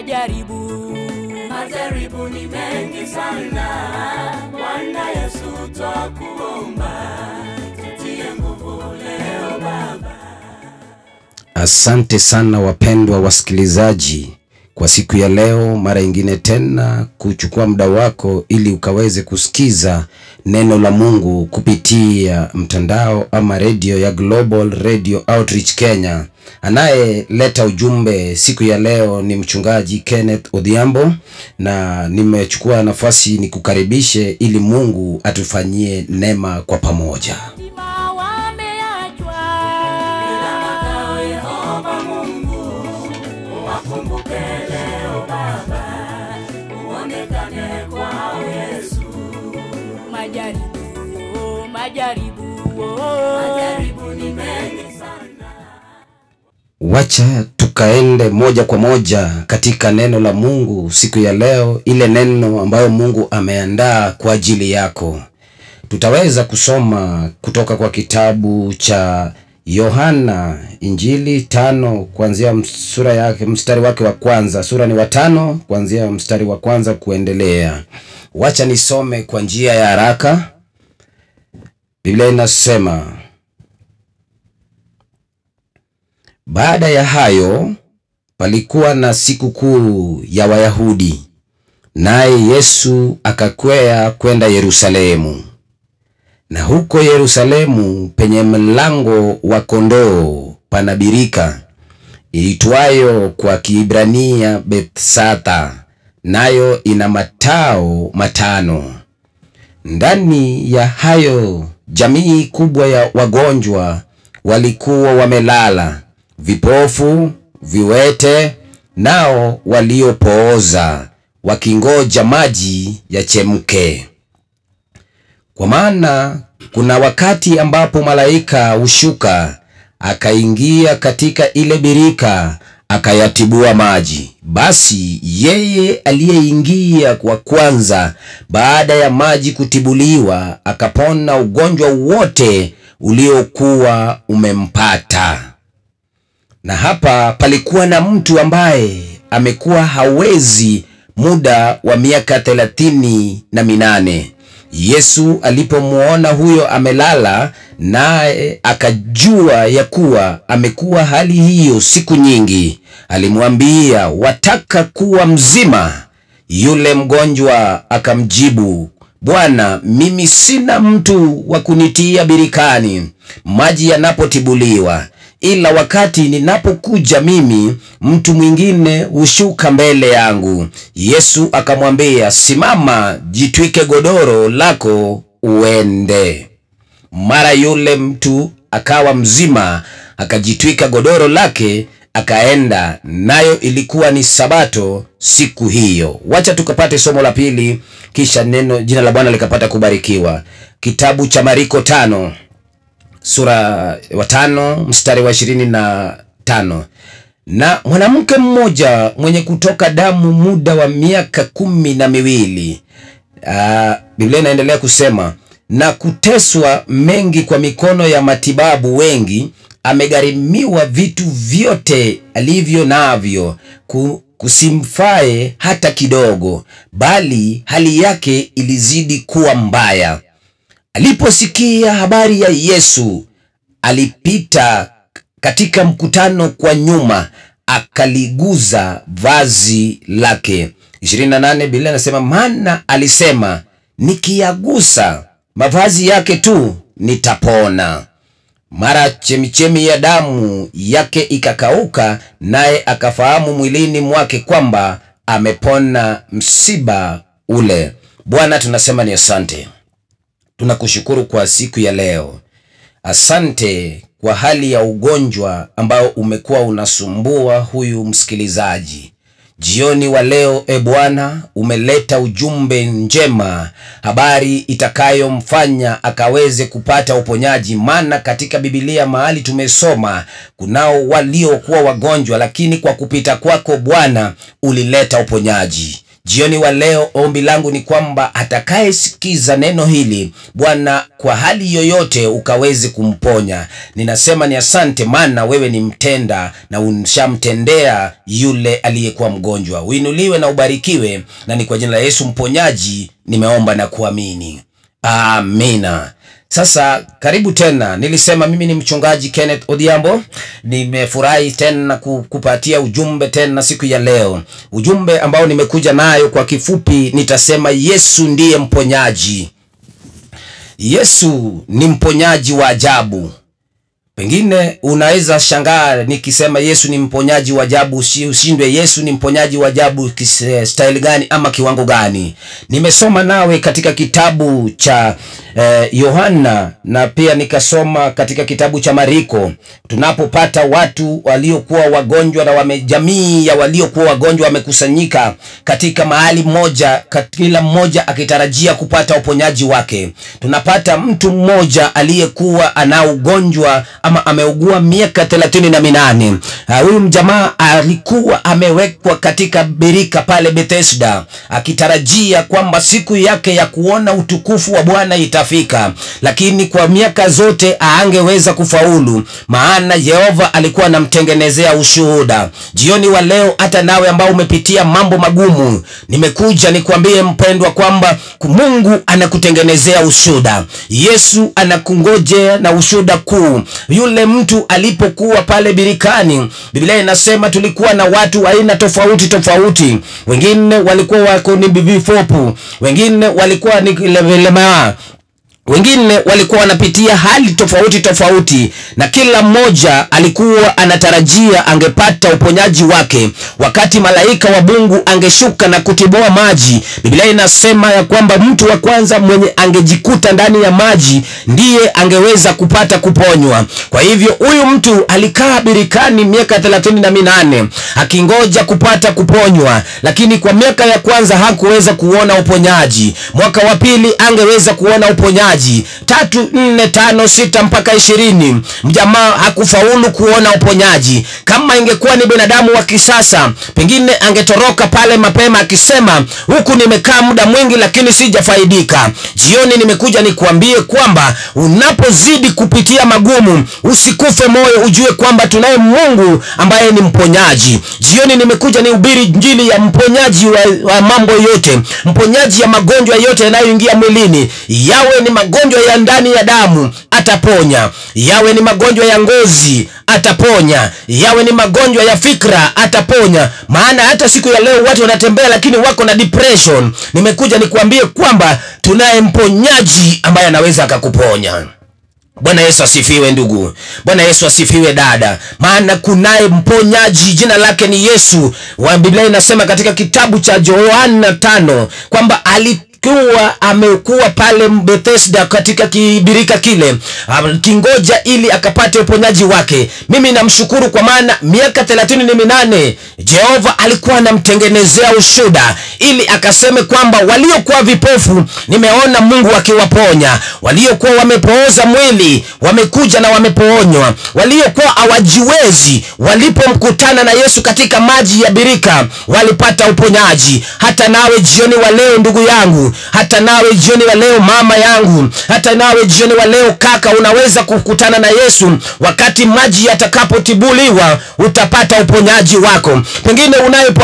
majaribu. Majaribu ni mengi sana, Bwana Yesu twakuomba, tutie nguvu leo Baba. Asante sana wapendwa wasikilizaji kwa siku ya leo, mara ingine tena kuchukua muda wako ili ukaweze kusikiza neno la Mungu kupitia mtandao ama redio ya Global Radio Outreach Kenya Anayeleta ujumbe siku ya leo ni mchungaji Kenneth Odhiambo, na nimechukua nafasi nikukaribishe ili Mungu atufanyie neema kwa pamoja. Majaribu, majaribu, oh. majaribu Wacha tukaende moja kwa moja katika neno la Mungu siku ya leo, ile neno ambayo Mungu ameandaa kwa ajili yako. Tutaweza kusoma kutoka kwa kitabu cha Yohana Injili tano kuanzia sura yake mstari wake wa kwanza. Sura ni wa tano kuanzia mstari wa kwanza kuendelea. Wacha nisome kwa njia ya haraka. Biblia inasema Baada ya hayo palikuwa na siku kuu ya Wayahudi, naye Yesu akakwea kwenda Yerusalemu. Na huko Yerusalemu penye mlango wa kondoo panabirika iitwayo kwa kiibrania Bethsatha, nayo ina matao matano. Ndani ya hayo jamii kubwa ya wagonjwa walikuwa wamelala vipofu, viwete nao waliopooza, wakingoja maji yachemke. Kwa maana kuna wakati ambapo malaika hushuka akaingia katika ile birika akayatibua maji. Basi yeye aliyeingia kwa kwanza baada ya maji kutibuliwa akapona ugonjwa wote uliokuwa umempata. Na hapa palikuwa na mtu ambaye amekuwa hawezi muda wa miaka thelathini na minane. Yesu alipomwona huyo amelala, naye akajua ya kuwa amekuwa hali hiyo siku nyingi, alimwambia, wataka kuwa mzima? Yule mgonjwa akamjibu, Bwana, mimi sina mtu wa kunitia birikani maji yanapotibuliwa ila wakati ninapokuja mimi mtu mwingine hushuka mbele yangu. Yesu akamwambia, simama, jitwike godoro lako uende. Mara yule mtu akawa mzima, akajitwika godoro lake akaenda, nayo ilikuwa ni Sabato siku hiyo. Wacha tukapate somo la pili, kisha neno jina la Bwana likapata kubarikiwa. Kitabu cha Mariko tano sura wa tano mstari wa ishirini na tano na mwanamke mmoja mwenye kutoka damu muda wa miaka kumi na miwili uh, Biblia inaendelea kusema na kuteswa mengi kwa mikono ya matibabu wengi, amegharimiwa vitu vyote alivyo navyo ku, kusimfae hata kidogo, bali hali yake ilizidi kuwa mbaya. Aliposikia habari ya Yesu, alipita katika mkutano kwa nyuma, akaliguza vazi lake. 28 Biblia anasema, maana alisema nikiyagusa mavazi yake tu nitapona. Mara chemichemi ya damu yake ikakauka, naye akafahamu mwilini mwake kwamba amepona msiba ule. Bwana, tunasema ni asante. Tunakushukuru kwa siku ya leo. Asante kwa hali ya ugonjwa ambao umekuwa unasumbua huyu msikilizaji. Jioni wa leo, e Bwana, umeleta ujumbe njema, habari itakayomfanya akaweze kupata uponyaji, maana katika Biblia mahali tumesoma kunao waliokuwa wagonjwa, lakini kwa kupita kwako Bwana ulileta uponyaji. Jioni wa leo, ombi langu ni kwamba atakayesikiza neno hili, Bwana, kwa hali yoyote ukaweze kumponya. Ninasema ni asante, maana wewe ni mtenda na unshamtendea yule aliyekuwa mgonjwa. Uinuliwe na ubarikiwe, na ni kwa jina la Yesu mponyaji nimeomba na kuamini, amina. Sasa karibu tena. Nilisema mimi ni mchungaji Kenneth Odhiambo. Nimefurahi tena kukupatia ujumbe tena siku ya leo, ujumbe ambao nimekuja nayo kwa kifupi, nitasema Yesu ndiye mponyaji. Yesu ni mponyaji wa ajabu. Pengine unaweza shangaa nikisema Yesu ni mponyaji wa ajabu, ushindwe Yesu ni mponyaji wa ajabu eh, style gani ama kiwango gani? Nimesoma nawe katika kitabu cha eh, Yohana eh, na pia nikasoma katika kitabu cha Mariko, tunapopata watu waliokuwa wagonjwa na wame, jamii ya waliokuwa wagonjwa wamekusanyika katika mahali moja, kila mmoja akitarajia kupata uponyaji wake. Tunapata mtu mmoja aliyekuwa ana ugonjwa ama ameugua miaka thelathini na minane. Ah, huyu mjamaa alikuwa amewekwa katika birika pale Bethesda akitarajia kwamba siku yake ya kuona utukufu wa Bwana itafika, lakini kwa miaka zote aangeweza kufaulu, maana Yehova alikuwa anamtengenezea ushuhuda. Jioni wa leo, hata nawe ambao umepitia mambo magumu, nimekuja nikwambie mpendwa, kwamba Mungu anakutengenezea ushuhuda. Yesu anakungoje na ushuhuda kuu yule mtu alipokuwa pale birikani, Biblia inasema tulikuwa na watu aina tofauti tofauti. Wengine walikuwa wako ni bibi fopu, wengine walikuwa ni lemaa wengine walikuwa wanapitia hali tofauti tofauti, na kila mmoja alikuwa anatarajia angepata uponyaji wake wakati malaika wa Mungu angeshuka na kutiboa maji. Biblia inasema ya kwamba mtu wa kwanza mwenye angejikuta ndani ya maji ndiye angeweza kupata kuponywa. Kwa hivyo huyu mtu alikaa birikani miaka thelathini na minane akingoja kupata kuponywa, lakini kwa miaka ya kwanza hakuweza kuona uponyaji. Mwaka wa pili angeweza kuona uponyaji maji tatu nne tano sita mpaka ishirini. Mjamaa hakufaulu kuona uponyaji. Kama ingekuwa ni binadamu wa kisasa, pengine angetoroka pale mapema akisema, huku nimekaa muda mwingi lakini sijafaidika. Jioni nimekuja nikuambie kwamba unapozidi kupitia magumu usikufe moyo, ujue kwamba tunaye Mungu ambaye ni mponyaji. Jioni nimekuja ni ubiri njili ya mponyaji wa, wa mambo yote, mponyaji ya magonjwa yote yanayoingia mwilini, yawe ni magonjwa ya ndani ya damu ataponya, yawe ni magonjwa ya ngozi ataponya, yawe ni magonjwa ya fikra ataponya. Maana hata siku ya leo watu wanatembea, lakini wako na depression. Nimekuja nikuambie kwamba tunaye mponyaji ambaye anaweza akakuponya. Bwana Yesu asifiwe ndugu. Bwana Yesu asifiwe dada. Maana kunaye mponyaji jina lake ni Yesu. Wa Biblia inasema katika kitabu cha Yohana tano kwamba ali akiwa amekuwa pale Bethesda katika kibirika kile kingoja ili akapate uponyaji wake. Mimi namshukuru kwa maana miaka thelathini na minane Jehova alikuwa anamtengenezea ushuda ili akaseme kwamba waliokuwa vipofu nimeona Mungu akiwaponya, waliokuwa wamepooza mwili wamekuja na wamepoonywa, waliokuwa hawajiwezi walipomkutana na Yesu katika maji ya birika walipata uponyaji. Hata nawe jioni wa leo, ndugu yangu hata nawe jioni wa leo mama yangu, hata nawe jioni wa leo kaka, unaweza kukutana na Yesu. Wakati maji yatakapotibuliwa utapata uponyaji wako. Pengine unayo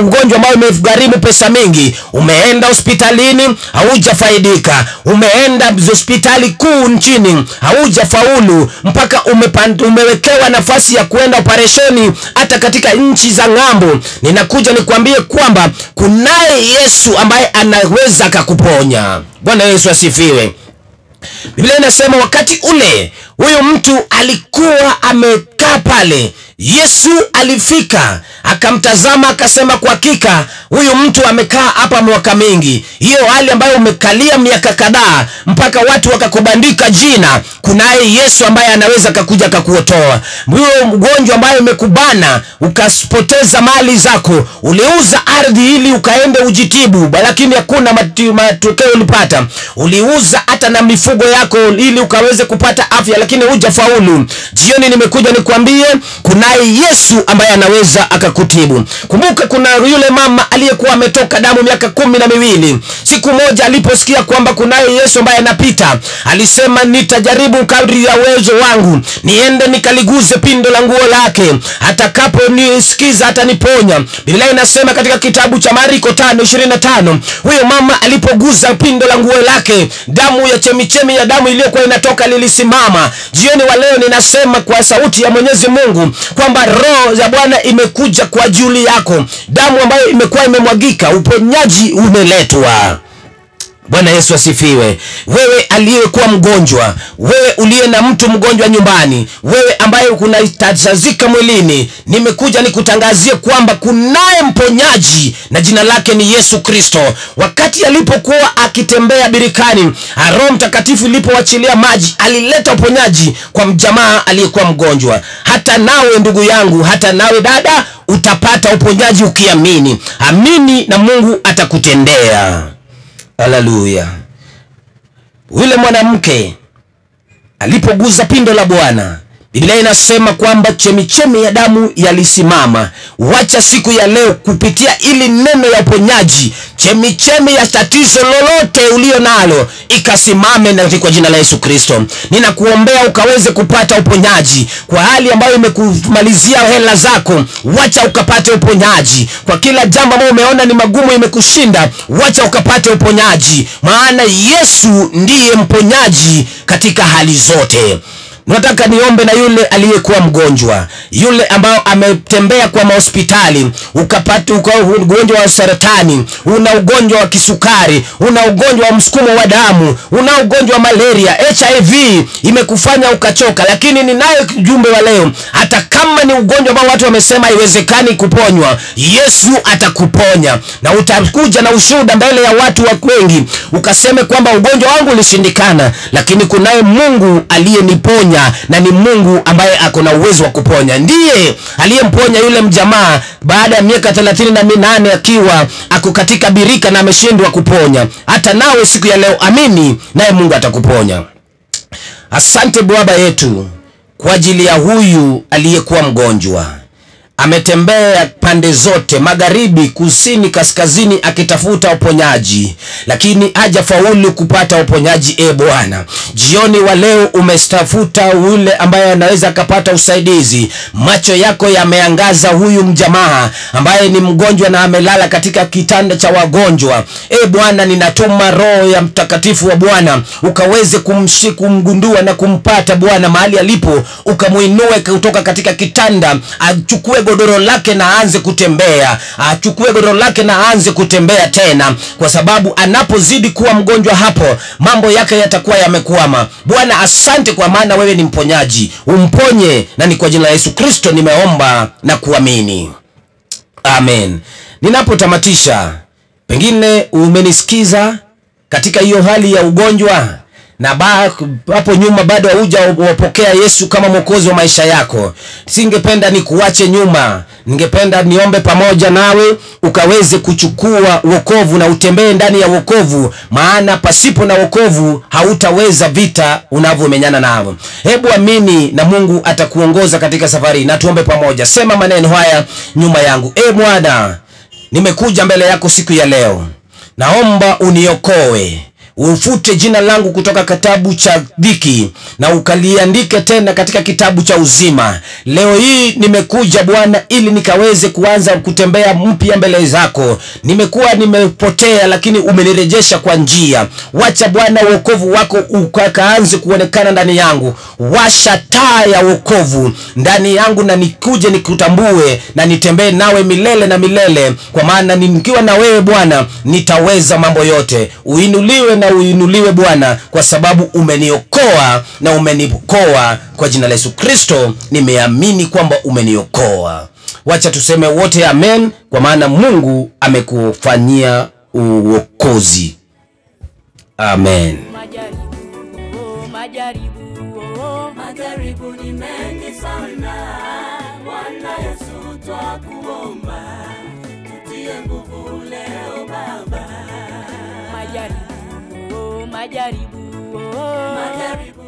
ugonjwa ambao umegharimu pesa mingi, umeenda hospitalini haujafaidika, umeenda hospitali kuu nchini haujafaulu, mpaka umepandu, umewekewa nafasi ya kuenda operesheni hata katika nchi za ng'ambo. Ninakuja nikwambie kwamba kunaye Yesu ambaye anaweza akakuponya. Bwana Yesu asifiwe. Biblia inasema wakati ule huyu mtu alikuwa amekaa pale, Yesu alifika akamtazama akasema, kwa hakika huyu mtu amekaa hapa mwaka mingi. Hiyo hali ambayo umekalia miaka kadhaa mpaka watu wakakubandika jina, kunaye Yesu ambaye anaweza kakuja kakuotoa Huyo mgonjwa ambaye umekubana ukapoteza mali zako, uliuza ardhi ili ukaende ujitibu, lakini hakuna matokeo ulipata. Uliuza hata na mifugo yako ili ukaweze kupata afya, lakini hujafaulu. Jioni nimekuja nikwambie kunaye Yesu ambaye anaweza aka kutibu. Kumbuka kuna yule mama aliyekuwa ametoka damu miaka kumi na miwili. Siku moja aliposikia kwamba kunaye Yesu ambaye anapita, alisema nitajaribu kadri ya uwezo wangu, niende nikaliguze pindo la nguo lake, atakaponisikiza ataniponya. Biblia inasema katika kitabu cha Mariko tano ishirini tano huyo mama alipoguza pindo la nguo lake, damu ya chemichemi ya damu iliyokuwa inatoka lilisimama. Jioni wa leo ninasema kwa sauti ya Mwenyezi Mungu kwamba roho ya Bwana imekuja kwa ajili yako, damu ambayo imekuwa imemwagika, uponyaji umeletwa. Bwana Yesu asifiwe. Wewe aliyekuwa mgonjwa, wewe uliye na mtu mgonjwa nyumbani, wewe ambaye kunatatazika mwilini, nimekuja nikutangazie kwamba kunaye mponyaji na jina lake ni Yesu Kristo. Wakati alipokuwa akitembea birikani, Roho Mtakatifu ilipowachilia maji, alileta uponyaji kwa mjamaa aliyekuwa mgonjwa. Hata nawe ndugu yangu, hata nawe dada, utapata uponyaji ukiamini. Amini na Mungu atakutendea. Haleluya! Yule mwanamke alipoguza pindo la Bwana Biblia inasema kwamba chemichemi ya damu yalisimama. Wacha siku ya leo kupitia ili neno ya uponyaji, chemichemi ya tatizo lolote ulio nalo ikasimame na kwa jina la Yesu Kristo. Ninakuombea ukaweze kupata uponyaji kwa hali ambayo imekumalizia hela zako, wacha ukapate uponyaji kwa kila jambo ambalo umeona ni magumu imekushinda, wacha ukapate uponyaji, maana Yesu ndiye mponyaji katika hali zote. Nataka niombe na yule aliyekuwa mgonjwa, yule ambao ametembea kwa mahospitali, ukapata ugonjwa wa saratani, una ugonjwa wa kisukari, una ugonjwa wa msukumo wa damu, una ugonjwa wa malaria, HIV imekufanya ukachoka. Lakini ninayo jumbe wa leo, hata kama ni ugonjwa ambao watu wamesema haiwezekani kuponywa, Yesu atakuponya na utakuja na ushuhuda mbele ya watu wa wengi, ukaseme kwamba ugonjwa wangu ulishindikana, lakini kunaye Mungu aliyeniponya kuponya na ni Mungu ambaye ako na uwezo wa kuponya. Ndiye aliyemponya yule mjamaa baada ya miaka thelathini na minane akiwa ako katika birika na ameshindwa kuponya. Hata nawe siku ya leo amini, naye Mungu atakuponya. Asante Baba yetu kwa ajili ya huyu aliyekuwa mgonjwa Ametembea pande zote, magharibi, kusini, kaskazini, akitafuta uponyaji, lakini hajafaulu kupata uponyaji. E Bwana, jioni wa leo umestafuta ule ambaye anaweza akapata usaidizi. Macho yako yameangaza huyu mjamaa ambaye ni mgonjwa na amelala katika kitanda cha wagonjwa. E Bwana, ninatuma roho ya mtakatifu wa Bwana ukaweze kumshi, kumgundua na kumpata Bwana mahali alipo, ukamwinue kutoka katika kitanda achukue godoro lake na aanze kutembea, achukue godoro lake na aanze kutembea tena, kwa sababu anapozidi kuwa mgonjwa, hapo mambo yake yatakuwa yamekwama. Bwana, asante kwa maana wewe ni mponyaji, umponye, na ni kwa jina la Yesu Kristo nimeomba na kuamini, amen. Ninapotamatisha, pengine umenisikiza katika hiyo hali ya ugonjwa na hapo nyuma bado hauja wapokea Yesu kama mwokozi wa maisha yako, singependa ni nikuache nyuma. Ningependa niombe pamoja nawe ukaweze kuchukua wokovu na utembee ndani ya wokovu, maana pasipo na wokovu hautaweza vita unavyomenyana nao. Hebu amini na Mungu atakuongoza katika safari, na tuombe pamoja. Sema maneno haya nyuma yangu: E Bwana, nimekuja mbele yako siku ya leo, naomba uniokoe ufute jina langu kutoka kitabu cha dhiki na ukaliandike tena katika kitabu cha uzima. Leo hii nimekuja Bwana ili nikaweze kuanza kutembea mpya mbele zako. Nimekuwa nimepotea, lakini umenirejesha kwa njia. Wacha Bwana wokovu wako ukakaanze kuonekana ndani yangu. Washa taa ya wokovu ndani yangu, na nikuje nikutambue na nitembee nawe milele na milele, kwa maana nikiwa na wewe Bwana nitaweza mambo yote. Uinuliwe na uinuliwe Bwana, kwa sababu umeniokoa na umenikoa kwa jina la Yesu Kristo. Nimeamini kwamba umeniokoa. Wacha tuseme wote amen, kwa maana Mungu amekufanyia uokozi. Amen. Majaribu ni mengi sana, Bwana Yesu twakuomba, tutie nguvu leo Baba. Majaribu majaribu oh, majaribu